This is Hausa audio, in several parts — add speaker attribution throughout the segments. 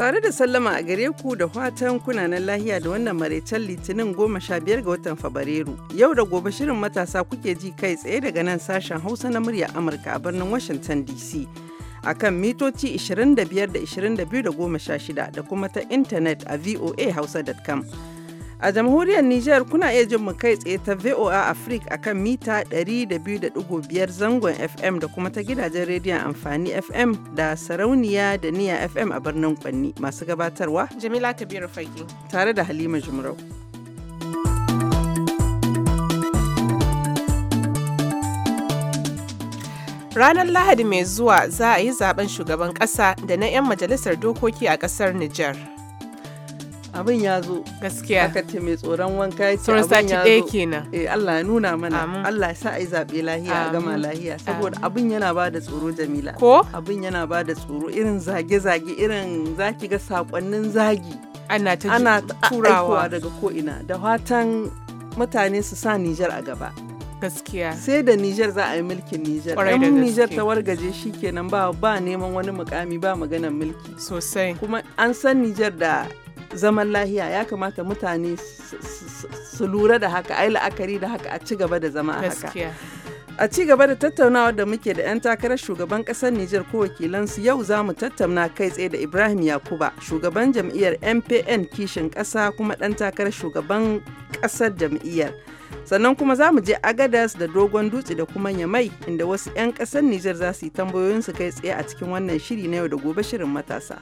Speaker 1: Tare da sallama a gare ku da fatan kunanan lahiya da wannan maraicen litinin goma sha biyar ga watan Fabrairu. Yau da gobe shirin matasa kuke ji kai tsaye daga nan sashen Hausa na murya Amurka a birnin Washington DC. A kan mitoci 25 da 22 da 16 da kuma ta intanet a voa hausa.com. A jamhuriyar Nijar kuna iya jin mu kai tsaye ta VOA Africa akan mita 200.5 zangon FM da kuma ta gidajen rediyon amfani FM da sarauniya da niya FM a birnin Kwanni masu gabatarwa.
Speaker 2: Jamila Tabiru Fage. Tare da Halima Jumrau. Ranar Lahadi mai zuwa za a yi zaben shugaban ƙasa da na 'yan majalisar dokoki a ƙasar Nijar. abin ya zo gaskiya aka ce mai tsoron wanka ya ce abin ya zo kenan eh Allah ya nuna mana Allah
Speaker 1: ya sa ai zabe lahiya a gama lahiya saboda abin yana ba da tsoro Jamila ko abin yana ba da tsoro irin zage zage irin zaki ga sakonnin zagi ana ta Ana turawa daga ko ina da fatan mutane su sa Nijar a gaba gaskiya sai da Nijar za a yi mulkin Nijar ɗan Nijar ta wargaje shi kenan ba ba neman wani mukami ba maganan mulki sosai kuma an san Nijar da zaman lahiya ya kamata mutane su lura da haka ai la'akari da haka a ci gaba da zama a haka a ci gaba da tattaunawa da muke da 'yan takarar shugaban kasar Nijar ko wakilansu yau za mu tattauna kai tsaye da Ibrahim Yakuba shugaban jam'iyyar MPN kishin kasa kuma ɗan takarar shugaban ƙasar jam'iyyar. Sannan kuma za mu je Agadas da Dogon Dutse da kuma Yamai inda wasu 'yan ƙasar Nijar za su yi tambayoyinsu kai tsaye a cikin wannan shiri na yau da gobe shirin matasa.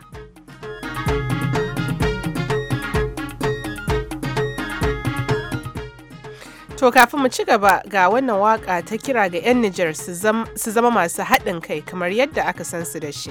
Speaker 2: To kafin mu ci gaba ga wannan waka ta kira ga 'yan Nijar su zama masu haɗin kai kamar yadda aka san su da shi.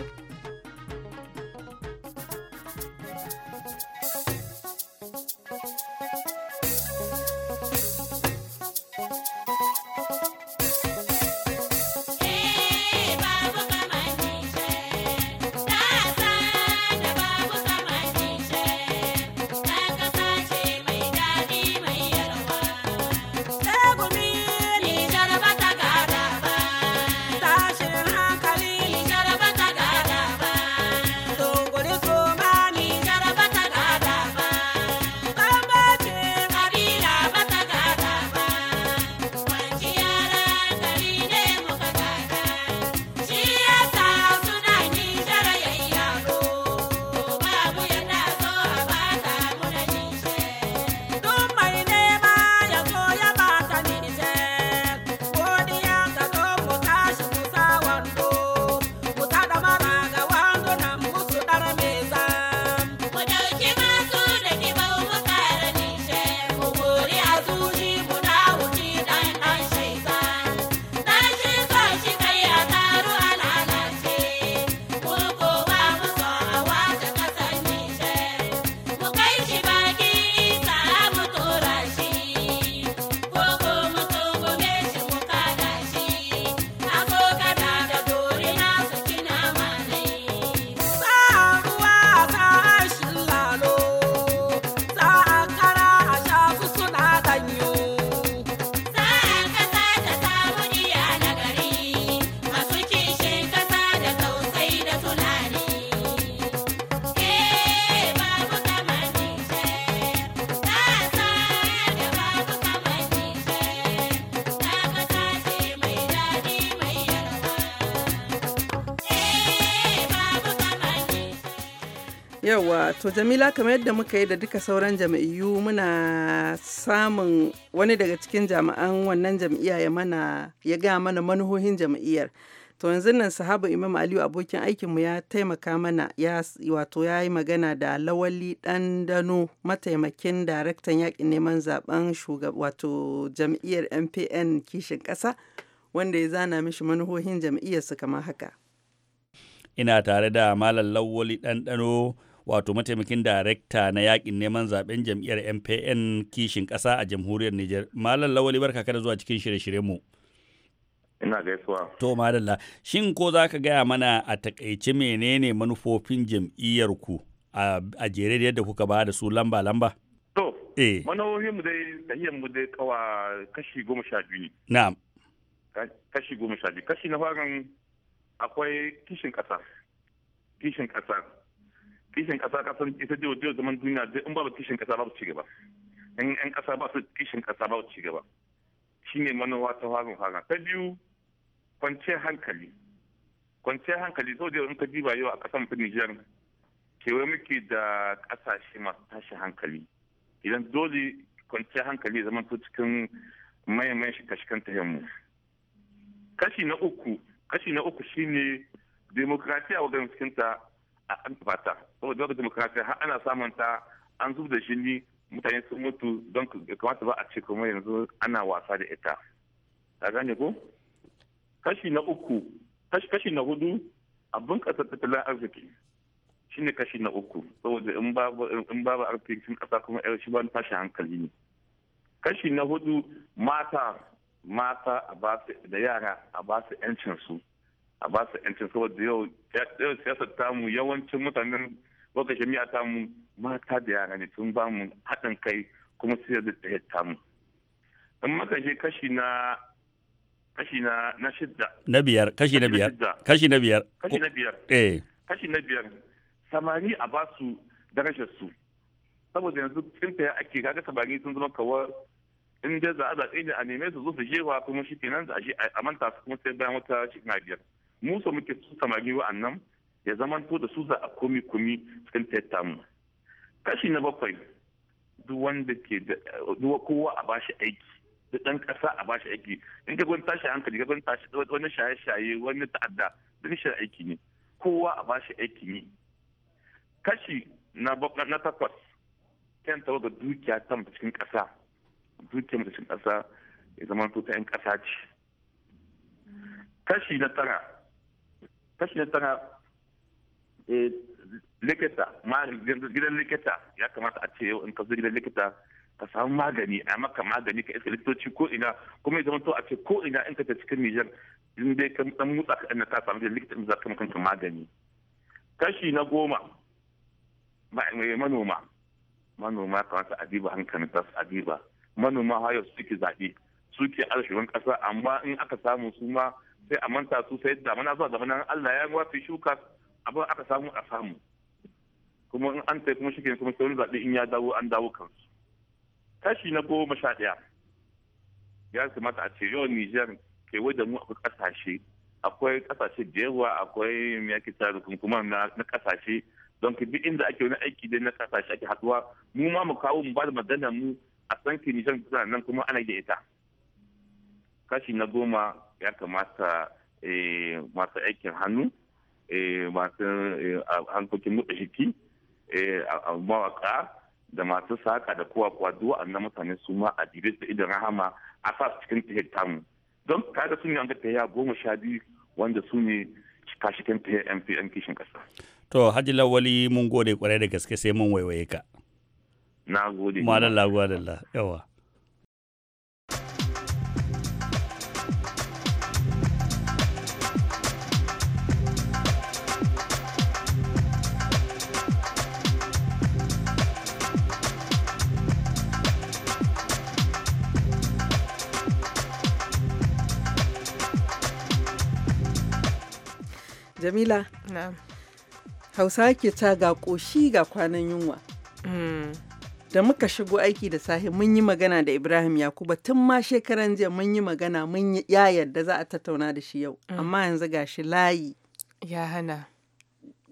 Speaker 1: to jamila kamar yadda muka yi da duka sauran jami'u muna samun wani daga cikin jami'an wannan jam'iyya ya mana ya ga mana manuhohin jam'iyyar to yanzu nan sahabu imam aliyu abokin aikinmu ya taimaka mana ya wato ya yi magana da lawali ɗandano mataimakin daraktan yakin neman zaben shugab wato jami'ar mpn kishin ƙasa wanda ya zana mishi manuhohin su kamar haka
Speaker 3: ina tare da malam lawali ɗanɗano wato mataimakin darekta na yakin neman zaben jam'iyyar MPN kishin kasa a jamhuriyar Nijar. Malam Lawali barka kada zuwa cikin shirye-shiryen mu. Ina gaisuwa. To madalla, shin ko za ka gaya mana a takaice menene manufofin jam'iyyar ku a jere da yadda kuka ba da su lamba-lamba?
Speaker 4: To, eh. manufofin mu dai tsayyar mu dai kawa kashi goma sha biyu ne. Na'am. Kashi goma sha biyu. Kashi na farin akwai kishin kasa. Kishin kasa kishin kasa kasan ita jiwa jiwa zaman duniya zai in babu kishin kasa babu cigaba in yan kasa ba su kishin kasa babu cigaba shine manowa ta farin fara ta biyu kwanciyar hankali kwanciyar hankali so da in ka diba yau a kasan Nijar kewaye muke da kasashe masu tashi hankali idan dole kwanciyar hankali zaman su cikin mayan shi kashikan mu kashi na uku kashi na uku shine demokratiya wajen cikinta an bata saboda yau da demokrasiya har ana samun ta an zub da jini mutane sun mutu don kamata ba a ce kuma yanzu ana wasa da ita ta gane ko kashi na uku kashi na hudu abin kasa tattalin arziki shine kashi na uku saboda in babu in arzikin kasa kuma yar shi ba tashi hankali ne kashi na hudu mata mata a ba su da yara a ba su yancin su a ba su yancin saboda yau siyasar tamu yawancin mutanen lokacin miya tamu mata da yara ne sun ba mu haɗin kai kuma siyar da ta tamu in maka shi kashi na kashi na na shidda
Speaker 3: na biyar kashi na biyar kashi na biyar kashi na biyar eh.
Speaker 4: kashi na biyar samari a ba su darajar su saboda yanzu tsinta ya ake kaga samari sun zama kawar in dai za a zaɓe ne a neme su zo su jewa kuma shi kenan a manta su kuma sai bayan wata na biyar mu so muke su samari wa'annan ya to da su za a komi komi cikin tattamu kashi na bakwai duk wanda ke da kowa a bashi aiki da ɗan ƙasa a bashi aiki in ka gwani tashi hankali ka gwani tashi wani shaye-shaye wani ta'adda duk shi aiki ne kowa a bashi aiki ne kashi na na takwas kyan tawo da dukiya ta cikin ƙasa dukiyar cikin ƙasa ya zama ta 'yan ƙasa ce kashi na tara kashi na tara eh, likita gidan likita ya kamata a ce yau in ka zo gidan likita ka samu magani a maka magani ka iska likitoci ko ina kuma ya zama to a ce ko ina in ka ta cikin Nijar in dai ka dan mutsa ka ina ta samu likita in za ka maka magani kashi na goma eh, manoma manoma kamata a diba hankali ta a diba manoma har yau suke zaɓe suke arshirin ƙasa amma in aka samu su ma sai a manta su sai damana zuwa damana Allah ya wafi shuka abin aka samu a samu kuma in an sai kuma shi kuma sai zaɓe in ya dawo an dawo kansu kashi na goma sha ɗaya ya kamata a ce yau Nijar kewaye da mu akwai ƙasashe akwai ƙasashe da yawa akwai ya ke tare kuma na ƙasashe don ka bi inda ake wani aiki da na ƙasashe ake haɗuwa mu ma mu kawo mu ba da magana mu a san ki Nijar nan kuma ana da ita kashi na goma ya kamata eh, masu aikin hannu eh, masu eh, hankokin motsa jiki mawaka da masu saka da kowa kuwa duk waɗannan mutane su ma a dire da idan rahama a sa su cikin tahiyar tamu don kada sun yi an ya goma sha biyu wanda su ne kashikin tahiyar yan kishin kasa.
Speaker 3: to hajji lawali mun gode kwarai da gaske sai mun waiwaye ka. na gode.
Speaker 5: madalla madalla yawa.
Speaker 2: Jamila.
Speaker 1: Hausa ke ta ga ƙoshi ga kwanan yunwa. Mm. Da muka shigo aiki da sahi mun yi magana da Ibrahim Yakuba tun ma shekaran jiya mun yi magana mun ya da za a tattauna da shi yau. Mm. Amma yanzu ga shi layi. Ya hana.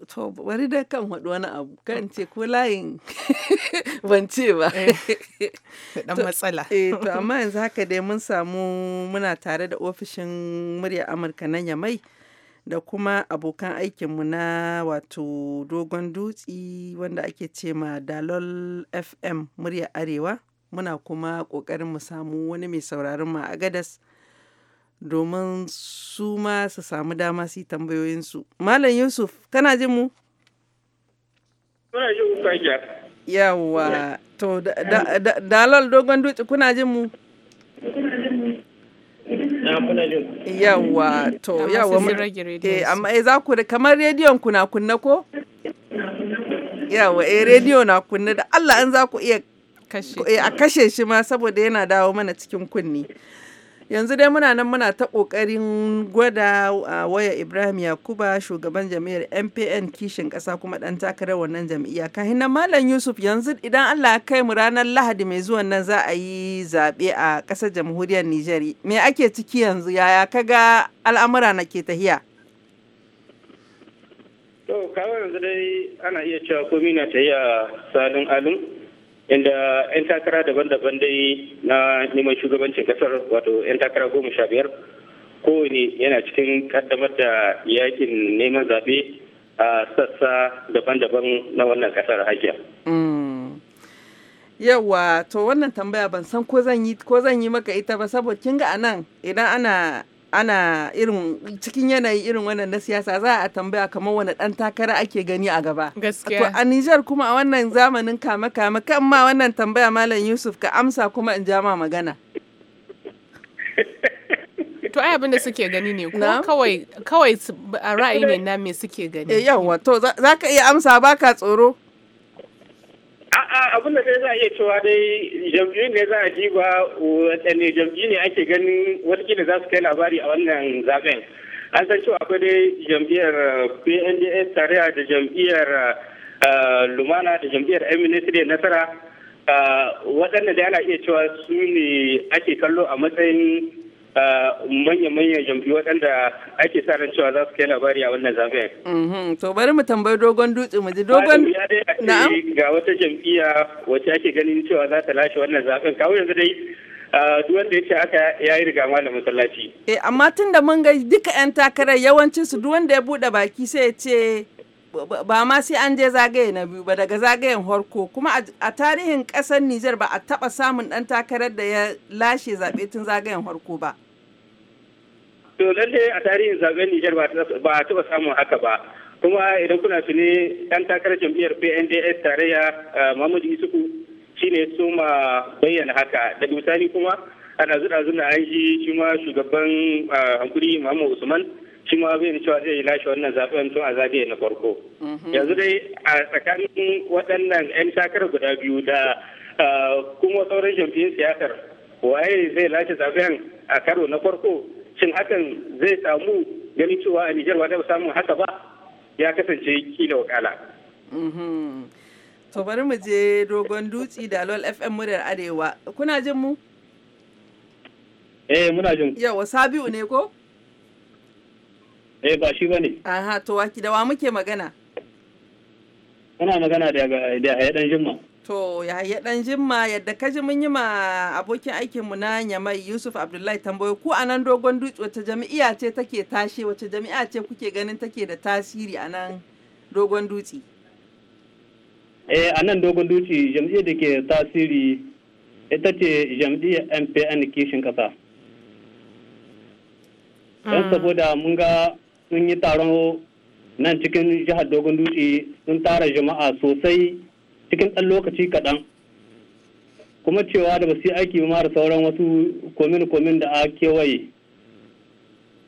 Speaker 1: To bari da kan haɗu wani abu kan ce ko layin ban ce ba. Eh. Dan matsala. Eh to amma yanzu haka dai mun samu muna tare da ofishin murya Amurka na Yamai. da kuma abokan aikinmu na wato dogon dutse wanda ake ce ma dalol fm murya arewa muna kuma ƙoƙarin mu samu wani mai sauraron mu a gadas domin su ma su samu dama su yi tambayoyinsu malam yusuf kana jin mu yawa to dalol dogon dutse kuna jin mu yawa to yawa eh amma eh za ku da kamar rediyon ku na kunna ko yawa eh rediyo na kunna da Allah an za ku iya eh, a kashe shi ma saboda yana dawo mana cikin kunni yanzu dai muna nan muna ta kokarin gwada a waya ibrahim yakuba shugaban jami'ar mpn kishin kasa kuma dan takarar wannan jami'a kahin nan malam yusuf yanzu idan allah ya kai mu ranar lahadi mai zuwan nan za a yi zaɓe a ƙasar jamhuriyar niger me ake ciki yanzu yaya ka ga al'amura na ke tahiya
Speaker 6: to
Speaker 3: kawai yanzu dai ana iya cewa komi na tahiya salin alin inda 'yan takara daban-daban dai na neman shugabancin kasar wato 'yan takara goma sha biyar kowane yana cikin kaddamar da yakin neman zaɓe a sassa daban-daban na wannan kasar hajiya.
Speaker 7: Mm.
Speaker 1: yawa to wannan tambaya ban san ko zan yi maka ita ba saboda kin ga anan idan ana ana irin cikin yanayi irin wannan na siyasa za a tambaya kamar wani dan takara ake gani a gaba gaskiya a Nijar kuma a wannan zamanin kama kama kan ma wannan tambaya
Speaker 2: malam Yusuf ka amsa kuma in ja ma magana to ai abin da suke gani ne ko kawai kawai ra'ayi ne na me suke gani eh yawa
Speaker 1: to za ka iya amsa baka tsoro
Speaker 2: abin da dai za a iya cewa
Speaker 3: dai jam'iyyun ne za a ba waɗanne jam'iyyu ne ake ganin watakila za su kai labari a wannan zaben an san cewa akwai dai jam'iyyar pnds tarayya da jam'iyyar ah, lumana da jam'iyyar da nasara ah, waɗanda da ana iya cewa su ne ake kallo a matsayin manya-manyan jam'i waɗanda ake sa ran cewa za su kai labari a wannan zafin.
Speaker 1: Mhm, to bari mu tambayi dogon dutse mu ji dogon
Speaker 3: na'am ga wata jam'iyya wacce ake ganin cewa za ta lashe wannan zafin kawo yanzu dai duk wanda ya ce aka ya yi riga malam masallaci.
Speaker 1: Eh amma tun da mun ga duka 'yan takarar yawancinsu duk wanda ya buɗe baki sai ya ce ba ma sai an je zagaye na biyu ba daga zagayen harko kuma a tarihin ƙasar Nijar ba a taɓa samun ɗan takarar da ya lashe zaɓe tun zagayen harko ba.
Speaker 3: to lalle a tarihin zaben Nijar ba a taɓa samun haka ba kuma idan kuna tuni ɗan takarar jam'iyyar PNDS tarayya Muhammadu Isuku shine soma bayyana haka daga misali kuma ana zuɗa zuna an ji shi ma shugaban hankuri Muhammadu Usman shi ma bayyana cewa zai lashe wannan zaben tun a zabe na farko mhm. yanzu dai a tsakanin waɗannan 'yan takarar guda biyu da kuma sauran jam'iyyar siyasar waye zai lashe zaben a karo na farko shin hakan zai samu ganin cewa a Nijar ba taɓa samun haka ba ya kasance kila wakala.
Speaker 1: Mm-hmm. To bari mu je dogon dutse da LOL FM muryar Arewa. Kuna jin mu? Eh muna jin. Yawa Sabiu ne ko?
Speaker 5: Eh ba shi bane.
Speaker 1: Aha to waki da wa muke magana? Kana magana da
Speaker 5: da Hayadan Jimma.
Speaker 1: To ya yi dan jimma yadda ka ji mun yi ma abokin aikinmu na Nyamai Yusuf Abdullahi tambayo ku a nan dogon dutse wace jami'a ce take tashe wace jami'a ce kuke ganin take da tasiri a nan dogon dutse?
Speaker 5: Eh a nan dogon dutse jami'a da ke tasiri ita ce jami'a MPN kishin kasa. Don mm. saboda mun ga sun yi taron nan cikin jihar dogon dutse sun tara jama'a sosai cikin ɗan lokaci kaɗan kuma cewa da ba su yi aiki ba da sauran wasu komin-komin da a kewaye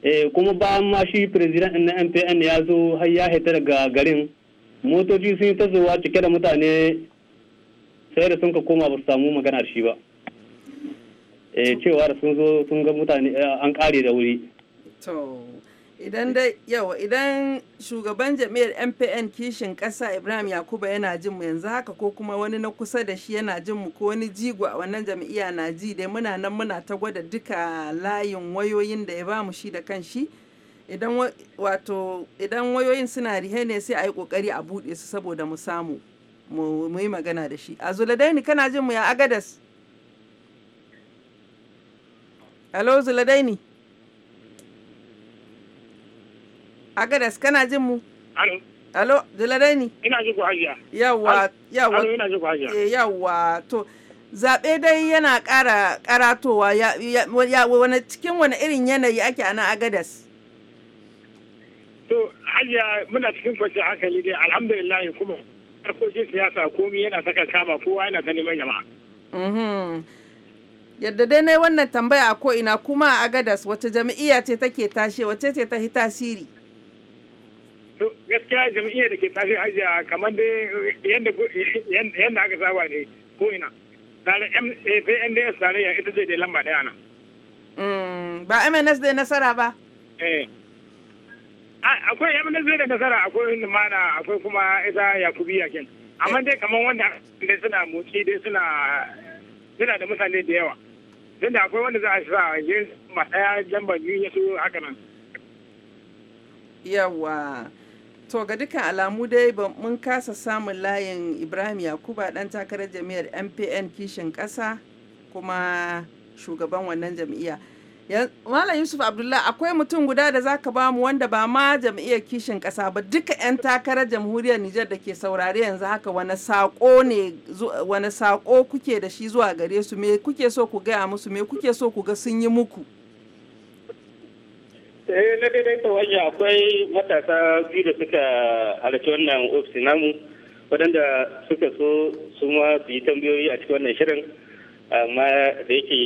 Speaker 5: eh, kuma bayan ma shi firizidan na npn ya zo har ya haita daga garin motoci sun yi ta zuwa cike da mutane sai da sun ka koma ba su samu magana da shi ba eh, cewa da sun zo sun ga mutane eh, an kare da
Speaker 8: wuri
Speaker 1: Idan dai yau idan shugaban jami'ar MPN kishin kasa Ibrahim Yakuba yana jin mu yanzu haka ko kuma wani na kusa da shi yana jin mu ko wani jigo a wannan jami'a na ji dai muna nan muna ta gwada duka layin wayoyin da ya ba mu shi da kan shi. Idan wayoyin suna rihe ne sai a yi kokari a buɗe su saboda mu samu mu yi magana da shi. A Zuladaini kana jin mu ya Agadas? Hello Zuladaini. Agadas kana jin mu? Alo. Alo, Jalare ni? Ina jin ku hajiya. Yawwa, yawwa. ina jin ku hajiya. Eh, yawwa. To, zaɓe dai yana ƙara ƙaratowa ya, wani cikin wani irin yanayi ake ana Agadas?
Speaker 3: To, hajiya muna cikin kwanciyar hankali dai alhamdulillah kuma harkokin siyasa komi yana saka kama kowa yana ta neman jama'a.
Speaker 1: Mm-hmm. Yadda dai na wannan tambaya a ko'ina kuma a Agadas wace jami'iya ce take tashe wace ce ta hita tasiri?
Speaker 3: gaskiya jam'iyyar da ke tashi hajiya kamar dai yadda aka saba ne ko ina eh, sai NDS tarayya ita ce da lamba daya nan.
Speaker 1: Mm, ba MNS da nasara ba?
Speaker 3: Eh. Akwai MNS da nasara akwai mana akwai kuma ita yakubi kin. Amma dai kamar wanda da suna motsi dai suna suna da mutane da yawa. da akwai wanda za a sa yin ma daya lambar biyu haka nan.
Speaker 1: Yawa. To ga duka alamu dai mun kasa samun layin Ibrahim Yakuba dan takarar jami'ar MPN kishin ƙasa kuma shugaban wannan jam'iyya. Malam Yusuf Abdullah akwai mutum guda da zaka ka bamu wanda ba ma jam'iyyar kishin ƙasa ba duka 'yan takarar jamhuriyar Nijar da ke saurare yanzu haka wani saƙo ne kuke da shi zuwa gare su me kuke so ku gaya musu me kuke so ku ga sun yi muku.
Speaker 3: eh na daidai ta wajen akwai matasa biyu da suka halarci wannan ofisi namu waɗanda suka so su ma su yi tambayoyi a cikin wannan shirin amma da yake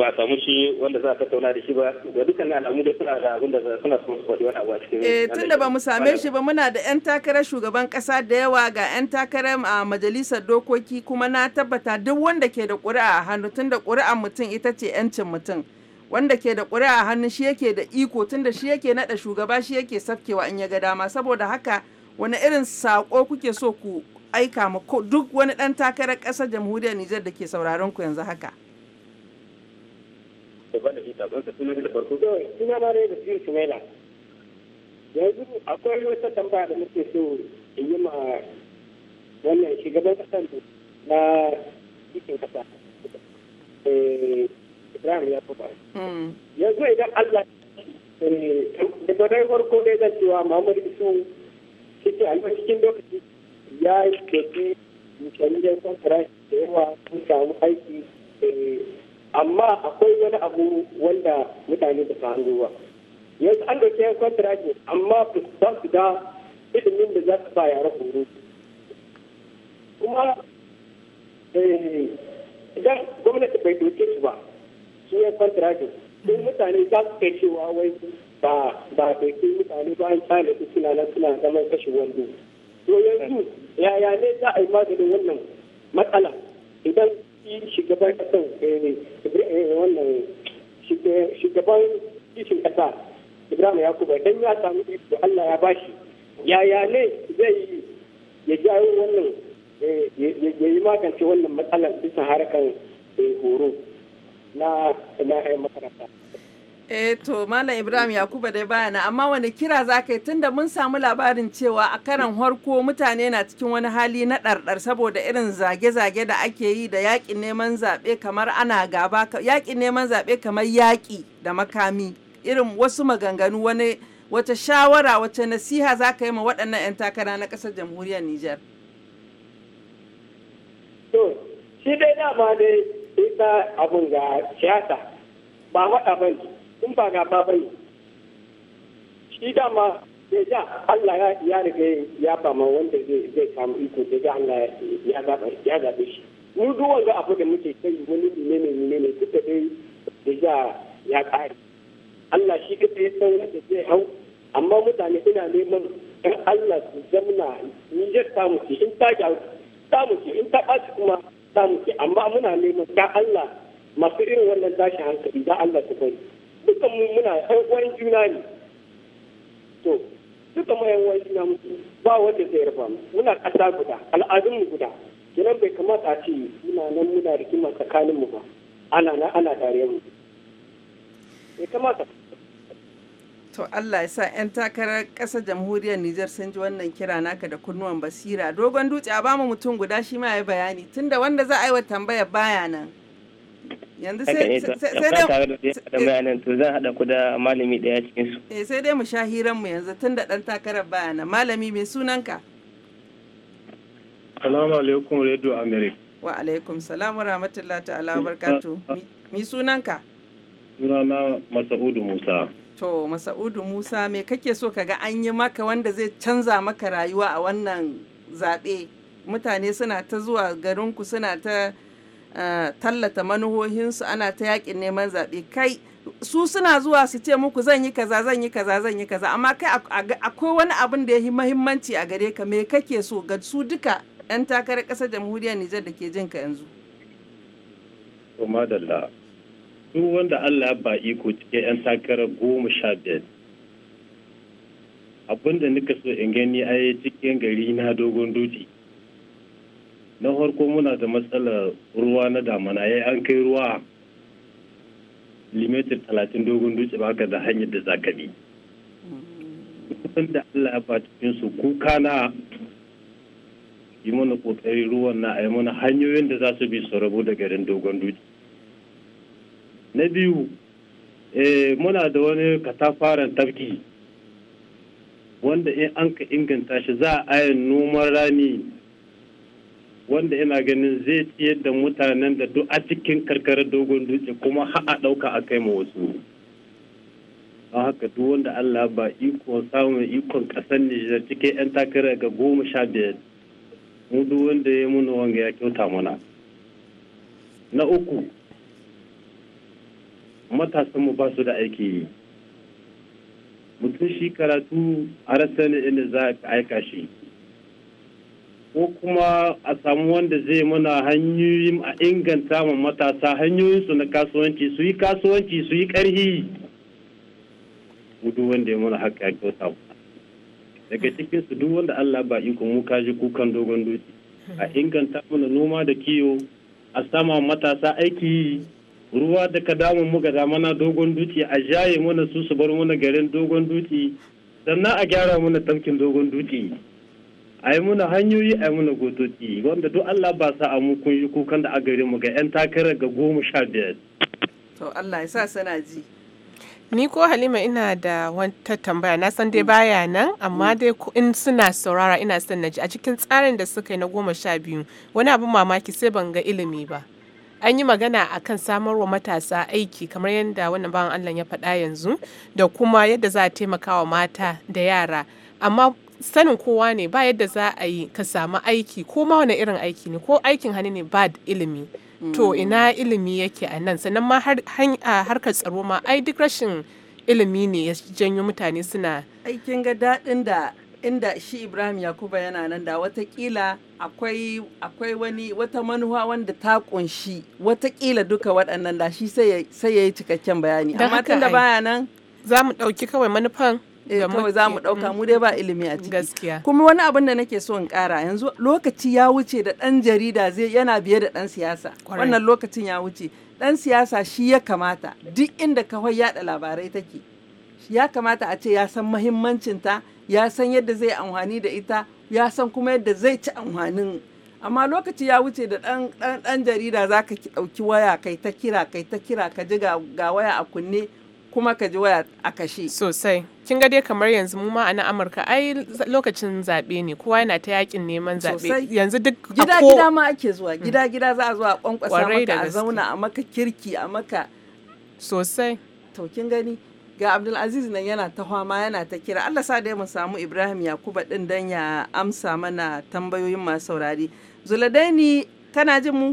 Speaker 3: ba samu shi wanda za a tattauna da shi ba ga dukkan alamu da suna da abin da suna so su faɗi wani abu a cikin eh tun da ba mu same shi
Speaker 1: ba muna da yan takarar shugaban kasa da yawa ga yan takarar a majalisar dokoki kuma na tabbata duk wanda ke da ƙuri'a a hannu tun da ƙuri'ar mutum ita ce yancin mutum wanda ke da ƙuri'a hannu shi yake da iko tunda shi yake naɗa shugaba shi yake safkewa in ya ga dama saboda haka wani irin saƙo kuke so ku aika ma duk wani ɗan takarar ƙasar jamhuriyar Nijar da ke sauraron ku yanzu haka.
Speaker 3: yanzu akwai wata tambaya da muke so in yi ma wannan shugaban kasar na cikin kasa eh, ibrahim ya fi hmm. yanzu idan allah da eh, dai farko dai zan cewa muhammad isu cikin alfa cikin lokaci ya yi doki mutaniyar kwantarashi da yawa sun samu aiki eh, amma akwai wani abu wanda mutane da faru ba yanzu an doki yan kwantarashi amma ba su da ilimin da za su ba yara horo kuma eh, idan gwamnati bai doke su ba ya kwantara da su mutane za su kai cewa wai ba ba doki mutane ba an tsale su suna nan suna zaman kashe wando to yanzu yaya ne za a yi maganin wannan matsala idan shugaban kasan eh, eh, wannan shugaban kishin kasa ibrahim yakuba idan ya samu iko allah ya bashi yaya ne zai yi ya jawo wannan eh, ya yi magance wannan matsalar bisa harkar horo na makaranta.
Speaker 1: Eh to Malam Ibrahim Yakuba dai bayana amma wani kira za ka yi tunda mun samu labarin cewa a karan harko mutane na cikin wani hali na ɗarɗar saboda irin zage-zage da ake yi da yaƙin neman zaɓe kamar ana gaba yaƙin neman zaɓe kamar yaƙi da makami irin wasu maganganu wani wata shawara wata nasiha za ka yi ma waɗannan 'yan takara na ƙasar jamhuriyar Nijar. To, shi dai dama
Speaker 3: dai ita abun ga siyasa ba waɗa ba ne in ba ga ba ne shi dama ya ja Allah ya ya riga ya ba ma wanda zai zai samu iko da ga Allah ya zaɓa ya zaɓe shi mu duk wanda abu da muke kai wani ne ne ne ne duk da dai da ja ya kare Allah shi kaɗai ya san wanda zai hau amma mutane ina neman in Allah su zamna ni ya samu shi in ta ga samu shi in ta ɓaci kuma za mu amma muna neman da Allah masu irin wannan tashi hankali da Allah su bari duka mu muna yan uwan juna ne to duka mu yan uwan juna mu ba wanda zai rufa mu muna ƙasa guda al'adun mu guda kenan bai kamata a ce muna nan muna rikima tsakanin mu ba ana nan ana tare mu
Speaker 1: bai kamata To Allah ya sa 'yan takarar ƙasar jamhuriyar Nijar sun ji wannan kira naka da kunnuwan basira. Dogon dutse a bamu mutum guda shi ma ya bayani tunda wanda za a yi wa tambaya baya nan. Yanzu sai sai dai mu sha hiranmu yanzu tunda ɗan takarar baya nan. Malami mai sunanka?
Speaker 8: Salamu alaikum Radio America.
Speaker 1: Wa alaikum salam wa rahmatullahi ta'ala wa barakatuh. Mi sunanka?
Speaker 8: Sunana Masa'udu Musa.
Speaker 1: To Masa'udu Musa me kake so kaga an yi maka wanda zai canza maka rayuwa a wannan zaɓe mutane suna ta zuwa garinku suna ta eh, tallata manuhohinsu ana ta yaƙin neman zaɓe kai su suna zuwa su ce muku zan yi kaza zan yi kaza zan yi kaza amma kai akwai wani abin da ya yi mahimmanci a gare ka me kake so ga su duka 'yan takarar ƙasar jamhuriyar Nijar da ke jin ka yanzu.
Speaker 8: duk wanda Allah ya ba iko cikin 'yan takara goma sha biyar abinda nika so in gani ayi cikin gari na dogon duti na farko muna da matsalar ruwa na damana ya an kai ruwa limitar talatin dogon duti ba ka da hanyar da zakabi wanda Allah ya ba cikin su kuka na yi mana kokari ruwan na a yi mana hanyoyin da za su bi su rabu da garin dogon duti na biyu eh, muna da wani katafaren tafki wanda in an ka inganta shi za a yi noman rani wanda ina ganin zai ciyar da mutanen da duk a cikin karkarar dogon dutse kuma ha'a ɗauka a kai ma wasu don haka duk wanda allah ba iko samun ikon ƙasar nijar cikin 'yan takara ga goma sha biyar mu duk wanda ya muna wanga ya kyauta mana na uku matasanmu ba su da aiki yi mutum shi karatu a rasa inda za a aika shi ko kuma a samu wanda zai mana hanyoyin a inganta ma matasa hanyoyinsu na kasuwanci su yi kasuwanci su yi ƙarhi duk wanda ya mana haka ya kyauta daga cikin su duk wanda Allah ba iko mu kaji kukan dogon doki a inganta mana noma da kiwo a sama matasa aiki ruwa da ka damun mu ga mana dogon dutse a jaye mana su su bar mana garin dogon dutse sannan a gyara mana tafkin dogon dutse a yi mana hanyoyi a yi mana gotoci wanda duk Allah ba sa amu kun yi kukan da a gare mu ga 'yan takarar ga goma sha biyar.
Speaker 1: To Allah ya sa sana ji.
Speaker 2: Ni ko Halima ina da wata tambaya na san dai mm. baya nan amma mm. dai in suna saurara ina son na ji a cikin tsarin da suka yi na goma sha biyu wani abin mamaki sai ban ga ilimi ba. an yi magana a kan samar wa matasa aiki kamar yadda wannan bawan Allah ya faɗa yanzu da kuma yadda za a taimaka wa mata da yara amma sanin kowa ne ba yadda za a yi ka samu aiki ko ma wani irin aiki ne ko aikin hannu ne ba ilimi to mm. ina ilimi yake a nan sannan ma harkar tsaro ma ai duk rashin ilimi ne ya janyo mutane suna
Speaker 1: aikin ga daɗin da inda shi Ibrahim Yakuba yana nan da watakila akwai akwai wani wata manuwa wanda ta kunshi watakila duka waɗannan da shi sai ya yi cikakken bayani amma tun da baya nan
Speaker 2: za mu ɗauki kawai manufan
Speaker 1: eh kawai za mu ɗauka mm.
Speaker 2: mu dai ba ilimi a ciki
Speaker 1: gaskiya kuma wani abin da nake so in ƙara yanzu lokaci ya wuce da ɗan jarida zai yana biye da ɗan siyasa wannan lokacin ya wuce ɗan siyasa shi ya kamata duk inda kawai yaɗa labarai take ya kamata a ce ya san muhimmancinta ta ya san yadda zai amfani da ita ya san kuma yadda zai ci amfanin amma lokaci ya wuce da ɗan jarida za ka
Speaker 2: ɗauki waya kai ta kira kai ta kira ka ji ga waya a kunne kuma ka ji waya a kashe. Sosai. Kin ga dai kamar yanzu mu ma a na Amurka ai lokacin zaɓe ne kowa yana ta yakin neman zaɓe. Yanzu duk gida gida
Speaker 1: ma ake zuwa mm. gida gida za a zuwa a kwankwasa maka a zauna a maka kirki a maka. Sosai. To kin gani ga abdulaziz nan yana ta hama yana ta kira allah sa da mu samu ibrahim yakuba din dan ya amsa mana tambayoyin masu saurari zuladaini kana jin mu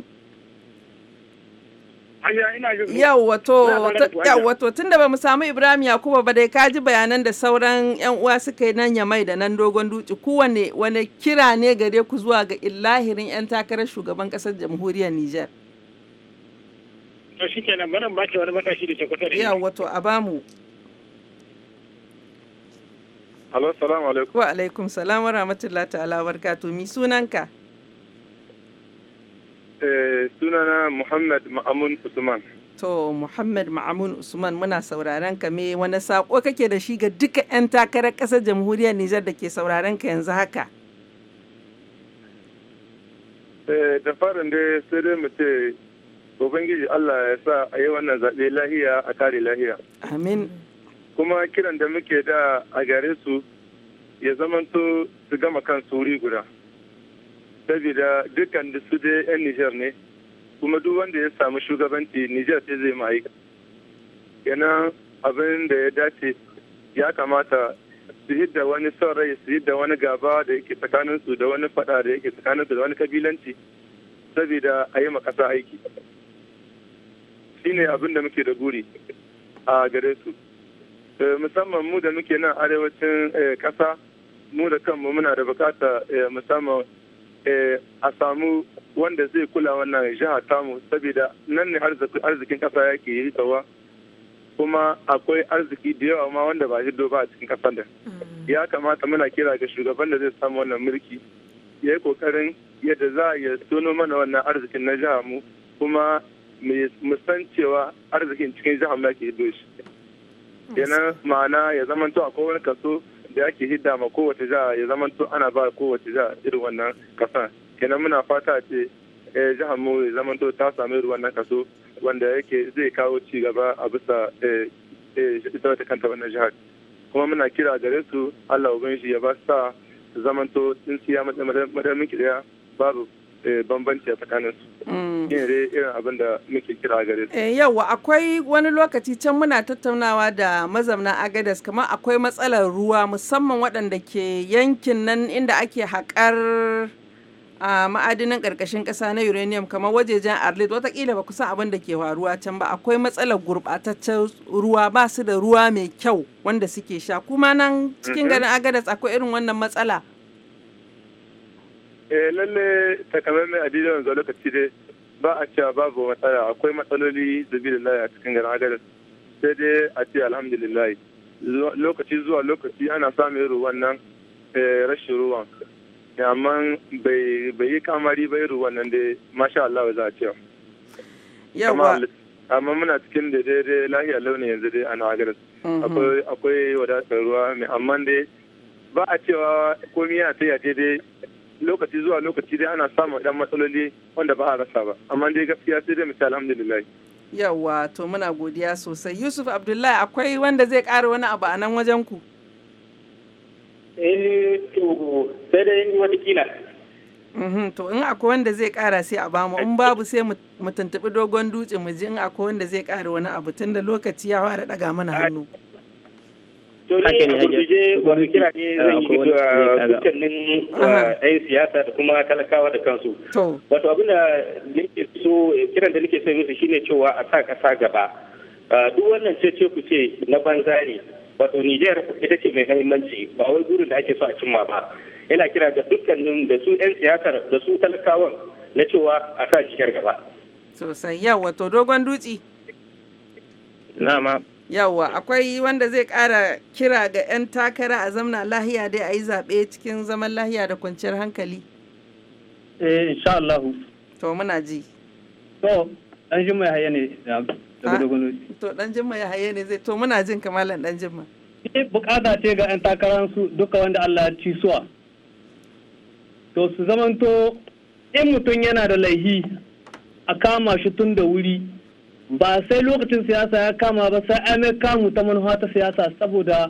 Speaker 3: Yawwato,
Speaker 1: tun da ba mu samu Ibrahim Yakuba ba dai kaji bayanan da sauran 'yan uwa suka yi nan ya mai da nan dogon duci kowane wani kira ne gare ku zuwa ga illahirin 'yan takarar shugaban ƙasar jamhuriyar Nijar.
Speaker 3: To shi kenan barin baki wani
Speaker 1: matashi da ke kusa da a bamu. Halo, salamu alaikum. Wa alaikum salam wa rahmatullah ta'ala barkatu. Mi sunanka?
Speaker 6: Eh, sunana Muhammad Ma'amun Usman.
Speaker 1: To, Muhammad Ma'amun Usman muna sauraron ka me wani sako kake da shi ga duka 'yan takarar ƙasar jamhuriyar Nijar da ke sauraron ka yanzu haka?
Speaker 6: Eh, da farin da sai dai mu ce Ubangiji Allah ya sa a yi wannan zaɓe lahiya a kare lahiya. Amin. kuma kiran da muke da a gare su ya zamanto su gama kan wuri guda saboda dukkan da su dai 'yan nijar ne kuma duk wanda ya samu shugabanci nijar sai zai ma'aika yana abin da ya dace ya kamata su da wani son rai su da wani gaba da yake tsakaninsu da wani fada da yake tsakaninsu da wani kabilanci saboda a yi makasa aiki shine abin da muke da guri a gare su Eh, musamman mu da muke nan arewacin eh, ƙasa mu da kanmu muna da bukata eh, musamman a samu wanda zai kula wannan jiha tamu saboda nan ne arzikin ƙasa yake yi tsawa kuma akwai arziki da yawa ma wanda ba hiddo ba a cikin ƙasar da mm. ya kamata muna kira ga shugaban da zai samu wannan mulki ya yi kokarin yadda za a tono mana wannan arzikin na jiha mu kuma mu san cewa arzikin cikin jiha mu yake hiddo shi kenan ma'ana ya zamanto a kowane kaso da ake hidda ma kowace ja ya to ana ba kowace ja irin wannan kasan kenan muna fata ce jihar mu ya to ta samu irin wannan kaso wanda yake zai kawo ci gaba a bisa ita wata kanta wannan jihar kuma muna kira gare su Allah ubangiji ya ba sa tun siya madalmin kidaya babu Eh, bambanci a tsakanin su.
Speaker 7: Yin mm. irin
Speaker 6: abin da muke kira gare su. Eh,
Speaker 1: Yawa akwai wani lokaci can muna tattaunawa da mazamna Agadas kamar akwai matsalar ruwa musamman waɗanda ke yankin nan inda ake haƙar a ma'adinin ƙarƙashin ƙasa na uranium kamar wajejen arlit watakila ba kusan abin da ke faruwa can ba akwai matsalar gurɓataccen ruwa ba su da ruwa mai kyau wanda suke sha kuma nan cikin mm-hmm. garin agadas akwai irin wannan matsala
Speaker 6: eh lalle takamaimai adidin wanzu lokaci dai ba a cewa babu matsala akwai matsaloli zubi da a cikin garin agadas sai dai a ce alhamdulillah lokaci zuwa lokaci ana samun ruwan nan eh, rashin ruwan eh, amma bai yi kamari bai ruwan nan dai masha Allah za a ce amma muna cikin da daidai lahiyar launin yanzu dai ana nagar mhm. akwai wadatar ruwa mai amma dai ba a cewa komi yana tafiya daidai lokaci zuwa lokaci dai ana samun ɗan matsaloli wanda ba a rasa ba amma dai gaskiya sai dai misali alhamdulillah
Speaker 1: yawa to muna godiya sosai yusuf abdullahi akwai wanda zai ƙara wani abu a nan wajen ku
Speaker 3: eh
Speaker 1: to sai dai wani kila mhm, to in akwai wanda zai kara sai a bamu in babu sai mu tuntuɓi dogon dutse mu ji in akwai wanda zai kara wani abu tunda lokaci ya fara daga mana hannu.
Speaker 3: dole a gurguje wani kira ne zan ah, yi ga dukkanin siyasa da kuma talakawa da kansu wato abin da nake so kiran da nake so musu shine cewa a sa gaba ah, duk wannan cece ku ce na banza ne wato Nijar ita ce mai mahimmanci ba wai gurin da ake so a cimma ba yana kira ga dukkanin da su 'yan siyasar da su talakawan na cewa a sa jikar gaba
Speaker 1: sosai yawa dogon dutse na ma Yawwa akwai wanda zai kara kira ga 'yan takara a zamna lahiya dai a yi zaɓe cikin zaman lahiya da kwanciyar hankali. Eh insha Allah. To muna ji. To
Speaker 5: dan jimma ya haye ne ah, daga dogono.
Speaker 1: To dan jimma ya haye ne zai to muna jin kamalan dan jimma. ma.
Speaker 5: Eh, bukata ce ga 'yan takaransu duka wanda Allah ya ci suwa. To su zamanto in mutum yana da laihi a kama shi tun da wuri ba sai lokacin siyasa ya kama ba sai an ya kamu ta manufa ta siyasa saboda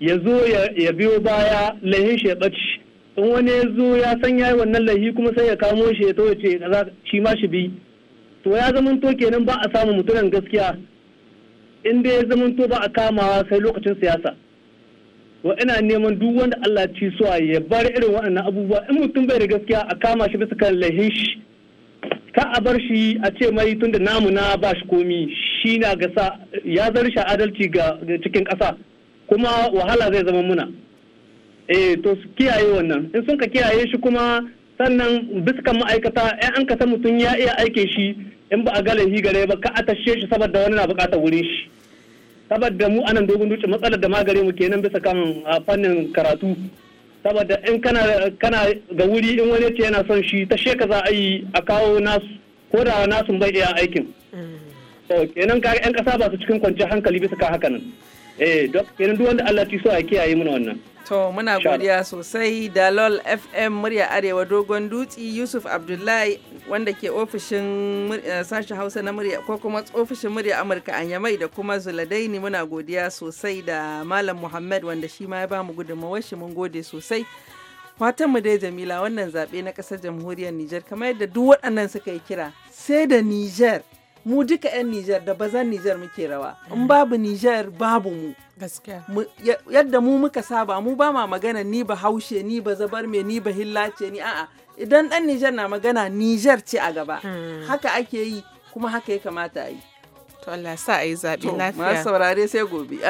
Speaker 5: ya zo ya biyo baya laihin shi ya ɓaci in wani ya zo ya san yayi wannan lahi kuma sai ya kamo shi ya to ya ce shi ma shi bi to ya zama to kenan ba a samu mutunan gaskiya in dai ya zama to ba a kamawa sai lokacin siyasa wa ina neman duk wanda Allah ci suwa ya bar irin waɗannan abubuwa in mutum bai da gaskiya a kama shi bisa kan lahi shi ka a bar shi a ce mai tunda namu na ba shi komi shi na ga sa ya zarsha adalci ga cikin ƙasa kuma wahala zai zama muna eh to su kiyaye wannan in sun ka kiyaye shi kuma sannan biskan ma'aikata yan an kasa mutum ya iya aike shi in ba a ga laifi gare ba ka a tashe shi saboda wani na bukatar wurin shi saboda mu anan dogon duci matsalar da magare mu kenan bisa kan fannin karatu saboda in kana kana ga wuri in wani ce yana son shi ta sheka za a yi a kawo nasu ko da nasu bai iya aikin to kenan ga yan kasa ba su cikin kwanciyar hankali bisa ka haka nan eh duk kenan duk wanda Allah so a kiyaye muna wannan
Speaker 1: to muna godiya sosai da lol fm murya arewa dogon dutsi yusuf abdullahi wanda ke ofishin eh, sashen hausa na murya ko kuma ofishin murya amurka a yamai da kuma zuladaini muna godiya sosai da malam muhammad wanda shi ma ya ba mu gudunmawar shi mun gode sosai fatan mu dai jamila wannan zaɓe na ƙasar jamhuriyar niger kamar yadda duk waɗannan suka yi kira sai da niger mu duka 'yan Nijar da bazan Nijar muke rawa. In babu Nijar babu mu. Yadda mu muka saba mu ba ma magana ni ba haushe ni ba zabar me ni ba hillace ni a'a idan ɗan Nijar na magana Nijar ce a gaba hmm. haka ake yi kuma haka ya kamata a yi.
Speaker 2: To Allah sa a yi zaɓe lafiya. Masu saurare sai gobe.